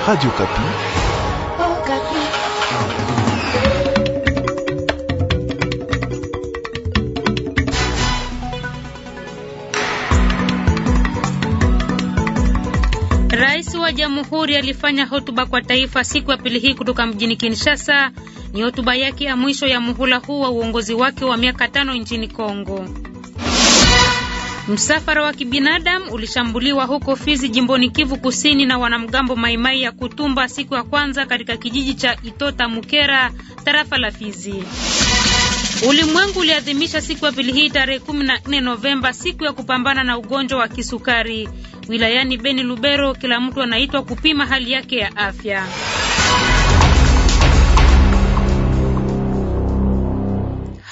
Radio Kapi. Oh, Kapi. Rais wa Jamhuri alifanya hotuba kwa taifa siku ya pili hii kutoka mjini Kinshasa. Ni hotuba yake ya mwisho ya muhula huu wa uongozi wake wa miaka tano nchini Kongo. Msafara wa kibinadamu ulishambuliwa huko Fizi jimboni Kivu Kusini na wanamgambo Maimai ya Kutumba siku ya kwanza katika kijiji cha Itota Mukera tarafa la Fizi. Ulimwengu uliadhimisha siku ya pili hii tarehe 14 Novemba siku ya kupambana na ugonjwa wa kisukari. Wilayani Beni Lubero kila mtu anaitwa kupima hali yake ya afya.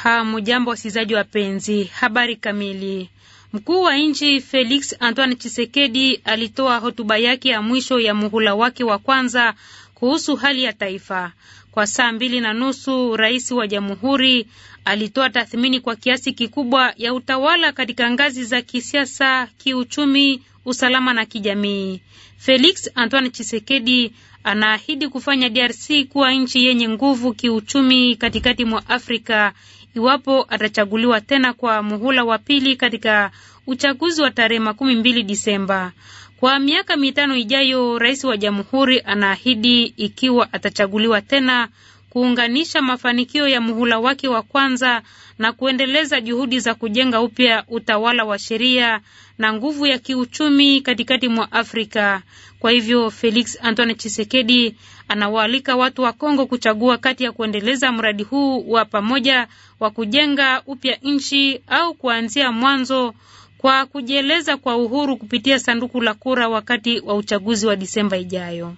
Hamujambo wasikilizaji wapenzi, habari kamili Mkuu wa nchi Felix Antoine chisekedi alitoa hotuba yake ya mwisho ya muhula wake wa kwanza kuhusu hali ya taifa. Kwa saa mbili na nusu, rais wa jamhuri alitoa tathmini kwa kiasi kikubwa ya utawala katika ngazi za kisiasa, kiuchumi, usalama na kijamii. Felix Antoine chisekedi anaahidi kufanya DRC kuwa nchi yenye nguvu kiuchumi katikati mwa Afrika iwapo atachaguliwa tena kwa muhula wa pili katika uchaguzi wa tarehe makumi mbili Disemba. Kwa miaka mitano ijayo, rais wa jamhuri anaahidi, ikiwa atachaguliwa tena, kuunganisha mafanikio ya muhula wake wa kwanza na kuendeleza juhudi za kujenga upya utawala wa sheria na nguvu ya kiuchumi katikati mwa Afrika. Kwa hivyo Felix Antoine Chisekedi anawaalika watu wa Kongo kuchagua kati ya kuendeleza mradi huu wa pamoja wa kujenga upya nchi au kuanzia mwanzo kwa kujieleza kwa uhuru kupitia sanduku la kura wakati wa uchaguzi wa Disemba ijayo.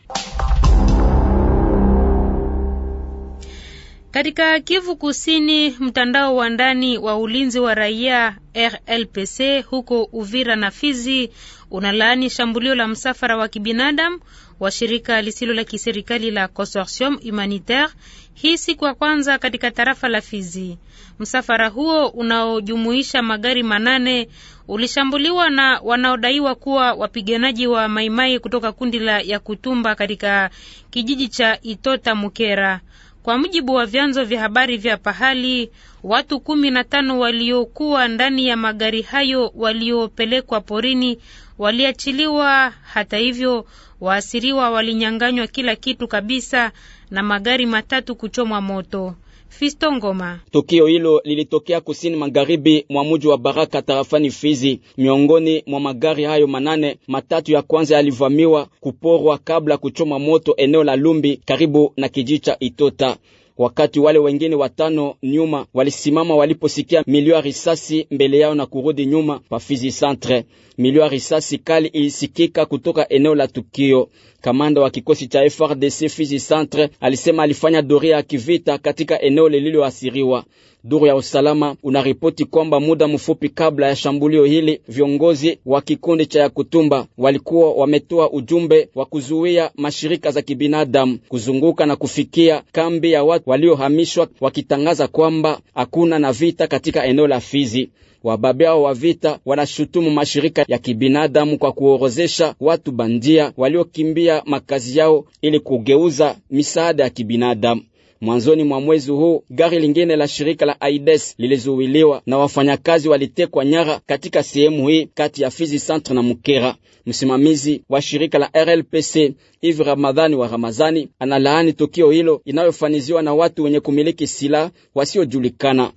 Katika Kivu Kusini, mtandao wa ndani wa ulinzi wa raia RLPC huko Uvira na Fizi unalaani shambulio la msafara wa kibinadamu wa shirika lisilo la kiserikali la Consortium Humanitaire hii siku ya kwanza katika tarafa la Fizi. Msafara huo unaojumuisha magari manane ulishambuliwa na wanaodaiwa kuwa wapiganaji wa Maimai kutoka kundi la Yakutumba katika kijiji cha Itota Mukera. Kwa mujibu wa vyanzo vya habari vya pahali, Watu kumi na tano waliokuwa ndani ya magari hayo waliopelekwa porini waliachiliwa. Hata hivyo, waasiriwa walinyang'anywa kila kitu kabisa na magari matatu kuchomwa moto. Fisto Ngoma. Tukio hilo lilitokea kusini magharibi mwa muji wa Baraka tarafani Fizi. Miongoni mwa magari hayo manane, matatu ya kwanza yalivamiwa kuporwa kabla kuchoma moto eneo la Lumbi karibu na kijiji cha Itota wakati wale wengine watano nyuma walisimama waliposikia milio ya risasi mbele yao na kurudi nyuma pa Fizi Centre. Milio ya risasi kali ilisikika kutoka eneo la tukio. Kamanda wa kikosi cha FRDC Fizi Centre alisema alifanya doria ya kivita katika eneo lililoasiriwa. Duru ya usalama unaripoti kwamba muda mfupi kabla ya shambulio hili, viongozi wa kikundi cha Yakutumba walikuwa wametoa ujumbe wa kuzuia mashirika za kibinadamu kuzunguka na kufikia kambi ya watu waliohamishwa, wakitangaza kwamba hakuna na vita katika eneo la Fizi. Wababea wa vita wanashutumu mashirika ya kibinadamu kwa kuorozesha watu bandia waliokimbia makazi yao ili kugeuza misaada ya kibinadamu. Mwanzoni mwa mwezi huu gari lingine la shirika la aides lilizuwiliwa na wafanyakazi walitekwa nyara katika sehemu hii kati ya Fizi Centre na Mukera. Msimamizi wa shirika la RLPC Ive Ramadhani wa Ramazani analaani tukio hilo inayofaniziwa na watu wenye kumiliki silaha wasiojulikana.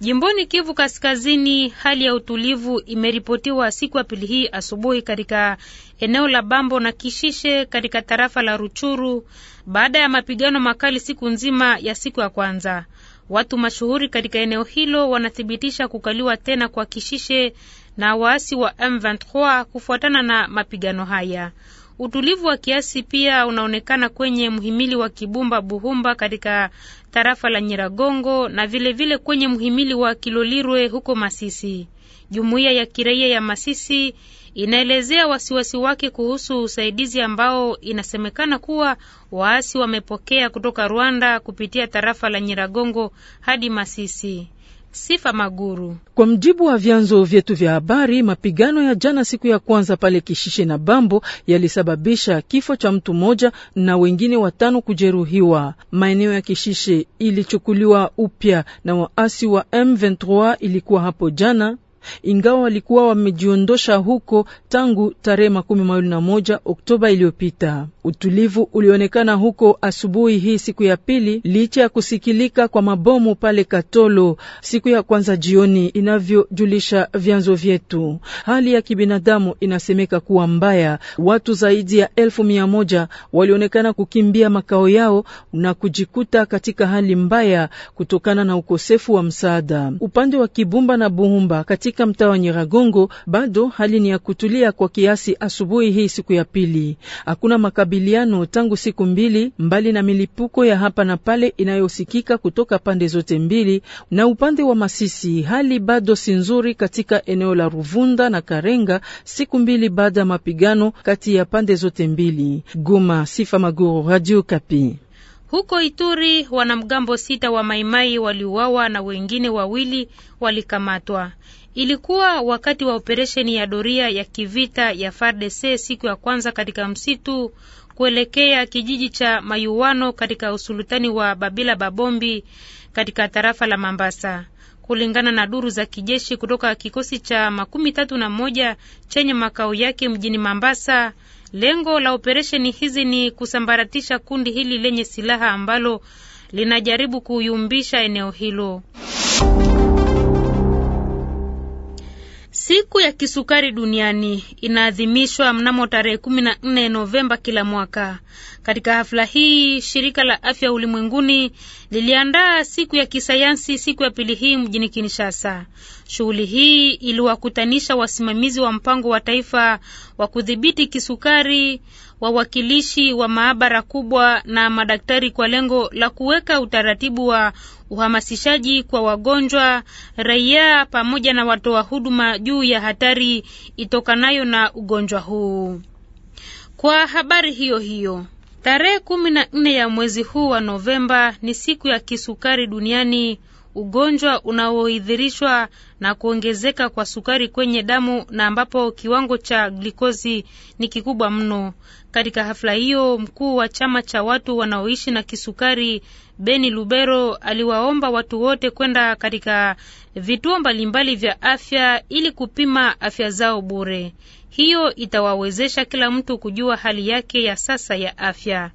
Jimboni Kivu Kaskazini, hali ya utulivu imeripotiwa siku ya pili hii asubuhi katika eneo la Bambo na Kishishe katika tarafa la Ruchuru baada ya mapigano makali siku nzima ya siku ya kwanza. Watu mashuhuri katika eneo hilo wanathibitisha kukaliwa tena kwa Kishishe na waasi wa M23 kufuatana na mapigano haya. Utulivu wa kiasi pia unaonekana kwenye mhimili wa Kibumba Buhumba katika tarafa la Nyiragongo na vilevile vile kwenye mhimili wa Kilolirwe huko Masisi. Jumuiya ya kiraia ya Masisi inaelezea wasiwasi wake kuhusu usaidizi ambao inasemekana kuwa waasi wamepokea kutoka Rwanda kupitia tarafa la Nyiragongo hadi Masisi. Sifa Maguru. Kwa mjibu wa vyanzo vyetu vya habari, mapigano ya jana siku ya kwanza pale Kishishe na Bambo yalisababisha kifo cha mtu mmoja na wengine watano kujeruhiwa. Maeneo ya Kishishe ilichukuliwa upya na waasi wa M23 ilikuwa hapo jana ingawa walikuwa wamejiondosha huko tangu tarehe makumi mawili na moja Oktoba iliyopita. Utulivu ulionekana huko asubuhi hii siku ya pili, licha ya kusikilika kwa mabomu pale Katolo siku ya kwanza jioni, inavyojulisha vyanzo vyetu. Hali ya kibinadamu inasemeka kuwa mbaya. Watu zaidi ya elfu mia moja walionekana kukimbia makao yao na kujikuta katika hali mbaya kutokana na ukosefu wa msaada upande wa Kibumba na Buhumba katika katika mtaa wa Nyiragongo bado hali ni ya kutulia kwa kiasi asubuhi hii siku ya pili. Hakuna makabiliano tangu siku mbili, mbali na milipuko ya hapa na pale inayosikika kutoka pande zote mbili. Na upande wa Masisi hali bado si nzuri katika eneo la Ruvunda na Karenga, siku mbili baada ya mapigano kati ya pande zote mbili. Goma, Sifa Maguru, Radio Kapi. Huko Ituri wanamgambo sita wa Maimai waliuawa na wengine wawili walikamatwa. Ilikuwa wakati wa operesheni ya doria ya kivita ya FARDC siku ya kwanza katika msitu kuelekea kijiji cha Mayuwano katika usultani wa Babila Babombi katika tarafa la Mambasa. Kulingana na duru za kijeshi kutoka kikosi cha makumi tatu na moja chenye makao yake mjini Mambasa, lengo la operesheni hizi ni kusambaratisha kundi hili lenye silaha ambalo linajaribu kuyumbisha eneo hilo. Siku ya kisukari duniani inaadhimishwa mnamo tarehe nne Novemba kila mwaka. Katika hafla hii, shirika la afya ulimwenguni liliandaa siku ya kisayansi siku ya pili hii mjini Kinshasa. Shughuli hii iliwakutanisha wasimamizi wa mpango wa taifa wa kudhibiti kisukari, wawakilishi wa maabara kubwa na madaktari kwa lengo la kuweka utaratibu wa uhamasishaji kwa wagonjwa, raia pamoja na watoa huduma juu ya hatari itokanayo na ugonjwa huu. Kwa habari hiyo hiyo Tarehe kumi na nne ya mwezi huu wa Novemba ni siku ya kisukari duniani, ugonjwa unaoidhirishwa na kuongezeka kwa sukari kwenye damu na ambapo kiwango cha glikozi ni kikubwa mno. Katika hafla hiyo, mkuu wa chama cha watu wanaoishi na kisukari Beni Lubero aliwaomba watu wote kwenda katika vituo mbalimbali vya afya ili kupima afya zao bure. Hiyo itawawezesha kila mtu kujua hali yake ya sasa ya afya.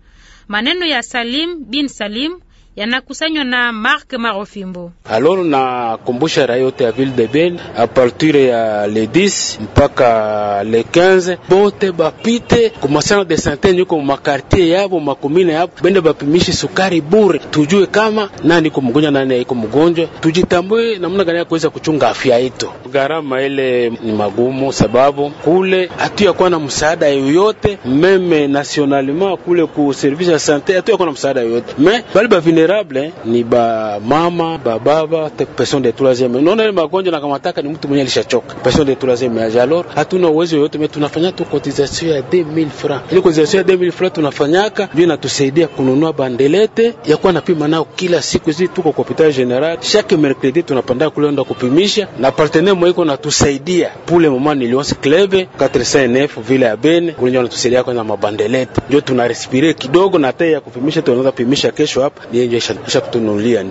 Maneno ya Salim bin Salim yanakusanywa na Mark Marofimbo. Alors kumbusha raia yote ya ville de ben a partir ya le 10 mpaka le 15 bote bapite kumasana de sante niko mumakartier yabo makomine yabo bende bapimishe sukari bure, tujue kama nani iko mgonjwa nani haiko mgonjwa, tujitambue namna gani ya kuweza kuchunga afya yetu. Gharama ile ni magumu, sababu kule kuwa na msaada yoyote meme nationalement kule ku service ya sante kuwa na msaada yoyote me bali bavine vulnerable ni ba mama, ba baba, personne de troisième. Unaona ile magonjwa nakamataka ni mtu mwenye alishachoka. personne de troisième age alors hatuna uwezo yote, mimi tunafanya tu cotisation ya 2000 francs. Ile cotisation ya 2000 francs tunafanyaka ndio inatusaidia kununua bandelete ya kuwa napima nao kila siku, zi tuko kwa hopital general chaque mercredi tunapanda kule ndo kupimisha, na partenaire mwe iko natusaidia pule mama ni Lions Club 459 vile ya Bene kule ndio natusaidia kwa mabandelete, ndio tuna respire kidogo na tayari ya kupimisha, tunaweza pimisha kesho hapa ni ishakutunulia.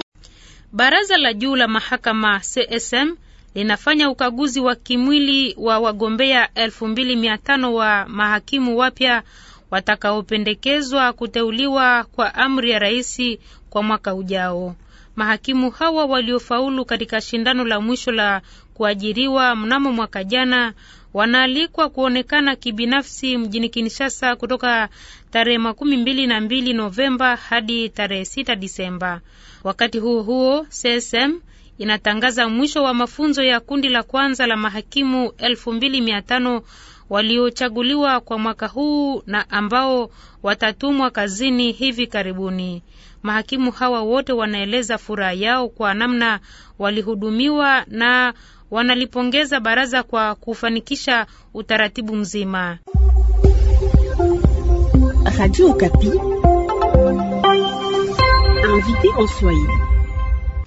Baraza la juu la mahakama CSM linafanya ukaguzi wa kimwili wa wagombea 2500 wa mahakimu wapya watakaopendekezwa kuteuliwa kwa amri ya rais kwa mwaka ujao. Mahakimu hawa waliofaulu katika shindano la mwisho la kuajiriwa mnamo mwaka jana wanaalikwa kuonekana kibinafsi mjini Kinshasa kutoka tarehe makumi mbili na mbili Novemba hadi tarehe sita Disemba. Wakati huo huo, CSM inatangaza mwisho wa mafunzo ya kundi la kwanza la mahakimu elfu mbili mia tano waliochaguliwa kwa mwaka huu na ambao watatumwa kazini hivi karibuni. Mahakimu hawa wote wanaeleza furaha yao kwa namna walihudumiwa na wanalipongeza baraza kwa kufanikisha utaratibu mzima.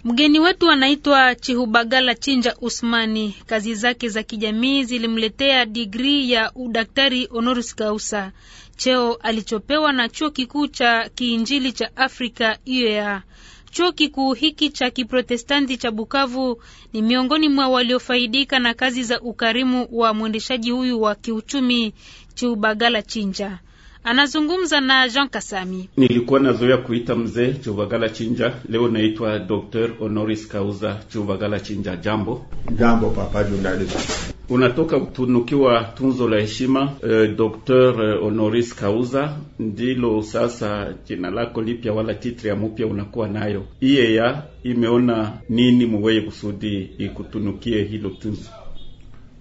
Mgeni wetu anaitwa Chihubagala Chinja Usmani. Kazi zake za kijamii zilimletea digri ya udaktari honoris causa, cheo alichopewa na chuo kikuu cha kiinjili cha Afrika UEA. Chuo kikuu hiki cha Kiprotestanti cha Bukavu ni miongoni mwa waliofaidika na kazi za ukarimu wa mwendeshaji huyu wa kiuchumi Chiubagala Chinja. Anazungumza na Jean Kasami. Nilikuwa nazoea kuita mzee Chuvagala Chinja, leo naitwa Dr. Honoris kauza Chuvagala Chinja. Jambo jambo, papa journalist. Unatoka kutunukiwa tunzo la heshima eh, Dr. Eh, Honoris kauza ndilo sasa jina lako lipya wala titri ya mupya unakuwa nayo. Iye ya imeona nini muweye kusudi ikutunukie hilo tunzo?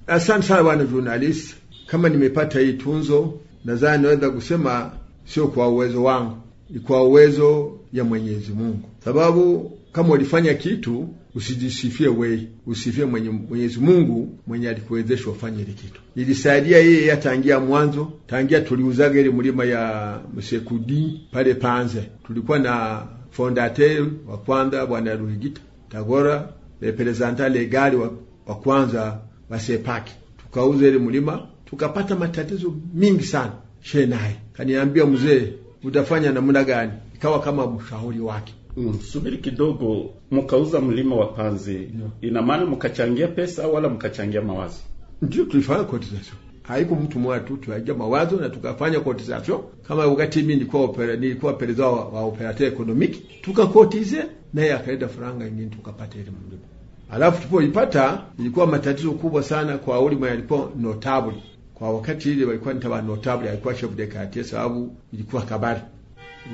Asante sana bwana journalist, kama nimepata hii tunzo nadhani naweza kusema sio kwa uwezo wangu, ni kwa uwezo ya Mwenyezi Mungu, sababu kama ulifanya kitu usijisifie wewe, usifie mwenye Mwenyezi Mungu mwenye alikuwezesha ufanye ile kitu. Nilisaidia yeye atangia mwanzo, tangia tuliuzaga ile mlima ya Msekudi pale Panze, tulikuwa na fondateur wa kwanza Bwana Ruhigita Tagora, representa legali wa, wa kwanza wa Sepaki, tukauza ile mlima tukapata matatizo mingi sana. She naye kaniambia, mzee, utafanya namna gani? Ikawa kama mshauri wake. Mm, subiri kidogo, mkauza mlima wa panzi yeah. Ina maana mkachangia pesa wala mkachangia mawazo? Ndio, tulifanya cotisation, haiko mtu mmoja tu, tuaja mawazo na tukafanya cotisation. Kama wakati mimi nilikuwa opera, nilikuwa pereza wa, wa operateur economique, tukakotize naye akaenda faranga nyingine, tukapata ile mlima. Alafu tulipoipata ilikuwa matatizo kubwa sana kwa ulimwa, yalikuwa notable kwa wakati ile walikuwa nitaba notable, alikuwa chef de quartier, sababu ilikuwa kabari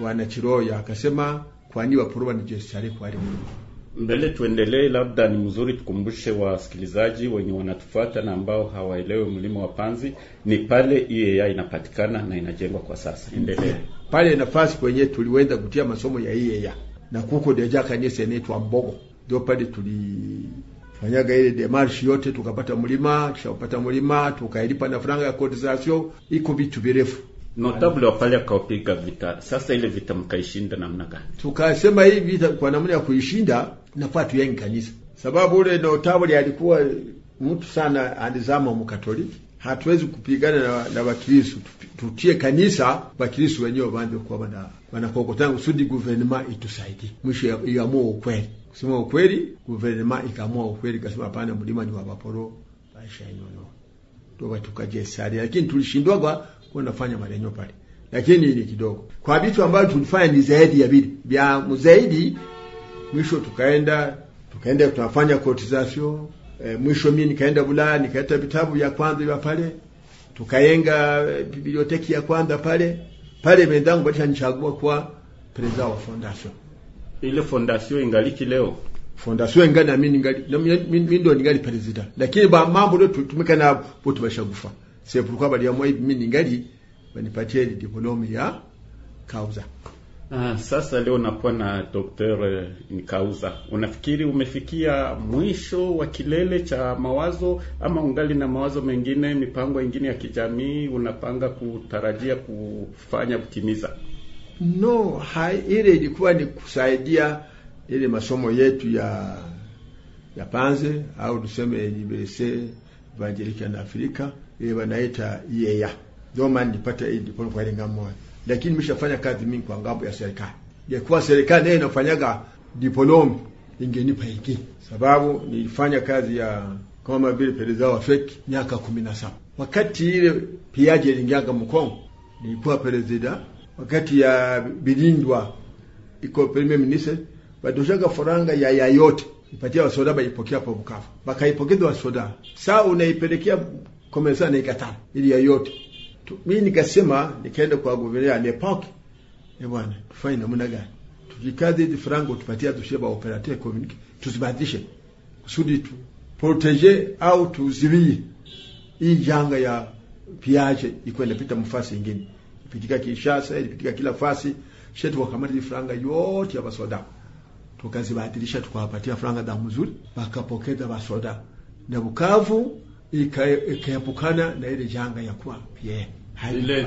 wana Chiroya, akasema kwa nini waporoba ni jesare kwa ile mbele. Tuendelee, labda ni mzuri tukumbushe wasikilizaji wenye wanatufuata na ambao hawaelewe mlima wa Panzi ni pale IEA inapatikana na inajengwa kwa sasa. Endelee pale nafasi kwenye tuliweza kutia masomo ya IEA na kuko deja kanisa inaitwa Mbogo, ndio pale tuli fanyaga ile demarshi yote tukapata mlima, tushapata mlima tukailipa na franga ya cotisation, iko vitu virefu notable wa pale akaupiga vita. Sasa ile vita mkaishinda namna gani? Tukasema hii vita kwa namna ya kuishinda nafaa tuyengi kanisa, sababu ule notable alikuwa mtu sana alizama Mkatoliki hatuwezi kupigana na, na Wakristo, tutie kanisa Wakristo wenyewe wabanze kuwa wanakokotana kusudi guvernema itusaidie. Mwisho iamua ukweli, kusema ukweli, guvernema ikaamua ukweli, kasema hapana, mlima ni wa Baporo, maisha tuwa ndio watukaje lakini tulishindwa kwa nafanya marenyo pale, lakini ni kidogo kwa vitu ambavyo tulifanya ni zaidi ya vile vya mzaidi. Mwisho tukaenda tukaenda tunafanya cotisation E, mwisho mimi nikaenda Bulaya nikaleta vitabu vya kwanza vya pale, tukayenga eh, biblioteki ya kwanza pale pale. Wenzangu nichagua kwa preza wa fondation. Ile fondation ingaliki leo, fondation ingana na mimi ngali na mimi ndo ningali president, lakini ba mambo leo tutumika na hapo tumeshagufa. Sasa tulikuwa bali ya mwa hivi mimi ningali banipatie diploma ya kauza Ah, sasa leo nakuwa na Dr. Eh, Nkauza, unafikiri umefikia mwisho wa kilele cha mawazo ama ungali na mawazo mengine, mipango mingine ya kijamii unapanga kutarajia kufanya kutimiza? No, hai, ile ilikuwa ni kusaidia ile masomo yetu ya ya panze au tuseme universite evangelika na Afrika ile wanaita iea doma nipata hii diploma kwa ngamo lakini imeshafanya kazi mingi kwa ngambo ya serikali. Ingekuwa serikali nayo inafanyaga diplomi, ingenipa hiki sababu nilifanya kazi ya kama vile pereza wa feki miaka kumi na saba wakati ile piaje lingiaga Mkongo, nilikuwa perezida wakati ya Bilindwa iko premier minister, badoshaga faranga ya yayote ipatia wasoda baipokea pa Bukavu, bakaipokeza wasoda saa unaipelekea komesa na ikatana ili yayote mimi nikasema, nikaenda kwa guverneur alepaki, eh bwana, tufanye namna gani? Tujikaze hizi frango tupatia tushie ba operateur communique, tuzibadilishe kusudi tu proteger au tuzibii hii janga ya piaje ikwenda pita mfasi ingine pitika Kinshasa, ilipitika kila fasi shetu, wakamata hizi franga yote ya basoda tukazibadilisha, tukawapatia franga za mzuri, wakapokeza basoda na Bukavu ikaepukana na ile janga ya kuwa pie ile,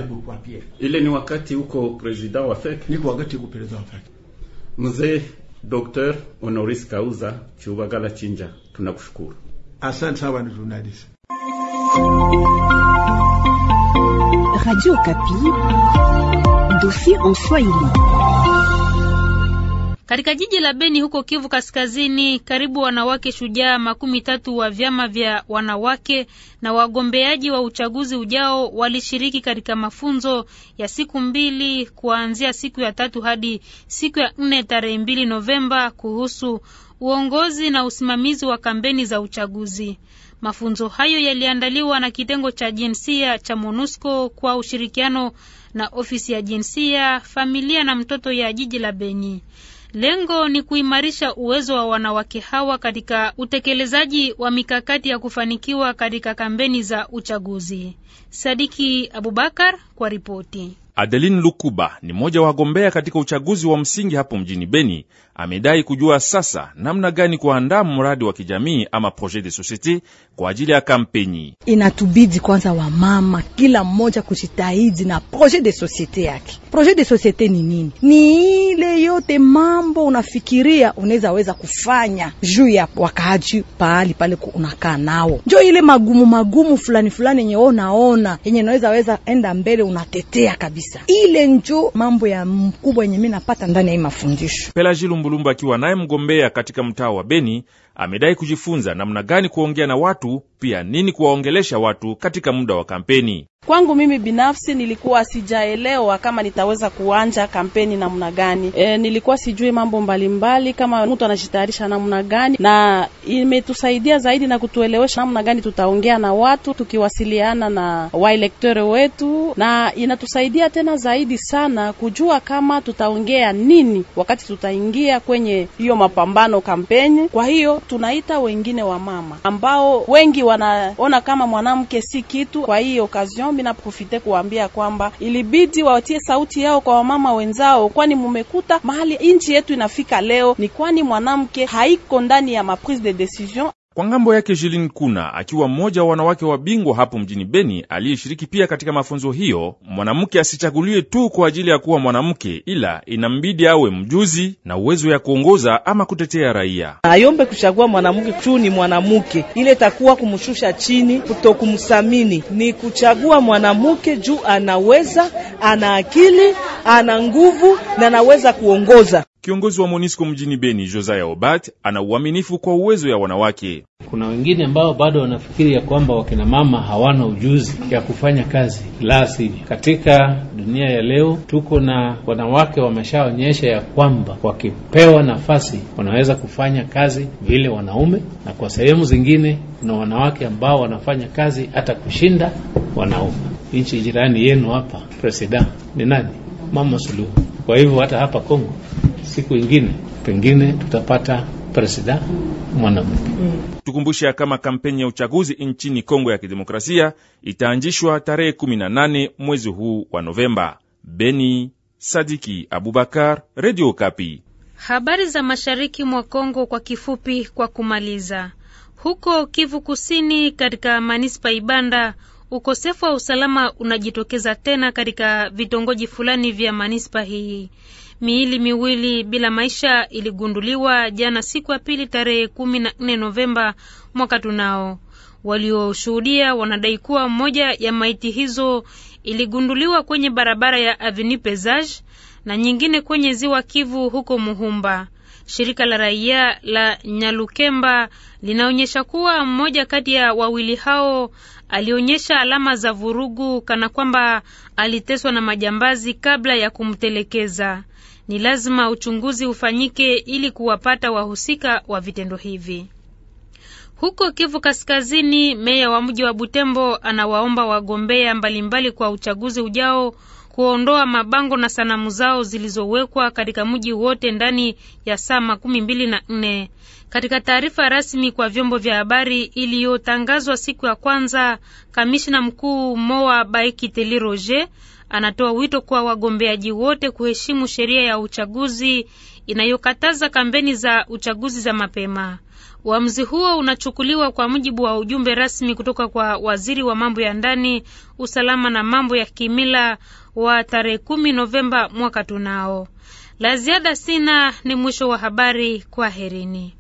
ile ni wakati huko president wa FEC, niko wakati huko president wa FEC. Mzee Dr. Honoris Causa Chubagala Chinja, tunakushukuru. Asante sana ndugu journalist. Radio Kapi, dossier en soi katika jiji la Beni huko Kivu Kaskazini, karibu wanawake shujaa makumi tatu wa vyama vya wanawake na wagombeaji wa uchaguzi ujao walishiriki katika mafunzo ya siku mbili kuanzia siku ya tatu hadi siku ya nne tarehe mbili Novemba kuhusu uongozi na usimamizi wa kampeni za uchaguzi. Mafunzo hayo yaliandaliwa na kitengo cha jinsia cha MONUSCO kwa ushirikiano na ofisi ya jinsia, familia na mtoto ya jiji la Beni. Lengo ni kuimarisha uwezo wa wanawake hawa katika utekelezaji wa mikakati ya kufanikiwa katika kampeni za uchaguzi. Sadiki Abubakar kwa ripoti. Adeline Lukuba ni mmoja wa wagombea katika uchaguzi wa msingi hapo mjini Beni. Amedai kujua sasa namna gani kuandaa mradi wa kijamii ama projet de societe kwa ajili ya kampeni. Inatubidi kwanza wamama, kila mmoja kujitahidi na projet de societe yake. Projet de societe ni nini? Ni ile yote mambo unafikiria unaweza weza kufanya juu ya wakaaji pahali pale unakaa nao, njo ile magumu magumu fulani fulani yenye wewe yenye unaweza weza enda mbele, unatetea kabisa kabisa ile njo mambo ya mkubwa yenye mi napata ndani ya mafundisho. Pelaji Lumbulumba akiwa naye mgombea katika mtaa wa Beni amedai kujifunza namna gani kuongea na watu, pia nini kuwaongelesha watu katika muda wa kampeni. Kwangu mimi binafsi nilikuwa sijaelewa kama nitaweza kuanja kampeni namna gani. E, nilikuwa sijui mambo mbalimbali kama mtu anajitayarisha namna gani, na imetusaidia zaidi na kutuelewesha namna gani tutaongea na watu tukiwasiliana na waelektore wetu, na inatusaidia tena zaidi sana kujua kama tutaongea nini wakati tutaingia kwenye hiyo mapambano kampeni. Kwa hiyo tunaita wengine wa mama ambao wengi wanaona kama mwanamke si kitu. Kwa hii okazion mina profite kuambia kwamba ilibidi watie sauti yao kwa wamama wenzao, kwani mumekuta mahali nchi yetu inafika leo ni kwani mwanamke haiko ndani ya maprise de decision. Kwa ngambo yake Jilin Kuna, akiwa mmoja wa wanawake wa bingwa hapo mjini Beni aliyeshiriki pia katika mafunzo hiyo, mwanamke asichaguliwe tu kwa ajili ya kuwa mwanamke, ila inambidi awe mjuzi na uwezo ya kuongoza ama kutetea raia. Ayombe kuchagua mwanamke juu ni mwanamke, ile takuwa kumshusha chini, kutokumsamini ni kuchagua mwanamke juu anaweza, ana akili, ana nguvu na anaweza kuongoza. Kiongozi wa MONUSCO mjini Beni, Josaya Obat, ana uaminifu kwa uwezo ya wanawake. Kuna wengine ambao bado wanafikiri ya kwamba wakina mama hawana ujuzi ya kufanya kazi, la sivyo. Katika dunia ya leo, tuko na wanawake wameshaonyesha ya kwamba wakipewa nafasi wanaweza kufanya kazi vile wanaume, na kwa sehemu zingine kuna wanawake ambao wanafanya kazi hata kushinda wanaume. Nchi jirani yenu hapa, presida ni nani? Mama Suluhu. Kwa hivyo hata hapa Kongo siku ingine pengine tutapata presida mwanamke. Mm. Tukumbushe kama kampeni ya uchaguzi nchini Kongo ya Kidemokrasia itaanzishwa tarehe 18 mwezi huu wa Novemba. Beni, Sadiki Abubakar, Radio Kapi. Habari za mashariki mwa Kongo kwa kifupi, kwa kumaliza. Huko Kivu Kusini, katika manispa Ibanda, ukosefu wa usalama unajitokeza tena katika vitongoji fulani vya manispa hii. Miili miwili bila maisha iligunduliwa jana siku ya pili tarehe kumi na nne Novemba mwaka tunao. Walioshuhudia wanadai kuwa moja ya maiti hizo iligunduliwa kwenye barabara ya Avenue Pesage na nyingine kwenye ziwa Kivu huko Muhumba. Shirika la raia la Nyalukemba linaonyesha kuwa mmoja kati ya wawili hao alionyesha alama za vurugu kana kwamba aliteswa na majambazi kabla ya kumtelekeza ni lazima uchunguzi ufanyike ili kuwapata wahusika wa vitendo hivi. Huko Kivu Kaskazini, meya wa mji wa Butembo anawaomba wagombea mbalimbali kwa uchaguzi ujao kuondoa mabango na sanamu zao zilizowekwa katika mji wote ndani ya saa makumi mbili na nne. Katika taarifa rasmi kwa vyombo vya habari iliyotangazwa siku ya kwanza, kamishna mkuu Moa baiki Roger anatoa wito kwa wagombeaji wote kuheshimu sheria ya uchaguzi inayokataza kampeni za uchaguzi za mapema. Uamuzi huo unachukuliwa kwa mujibu wa ujumbe rasmi kutoka kwa waziri wa mambo ya ndani, usalama na mambo ya kimila wa tarehe kumi Novemba mwaka tunao. La ziada sina, ni mwisho wa habari. Kwaherini.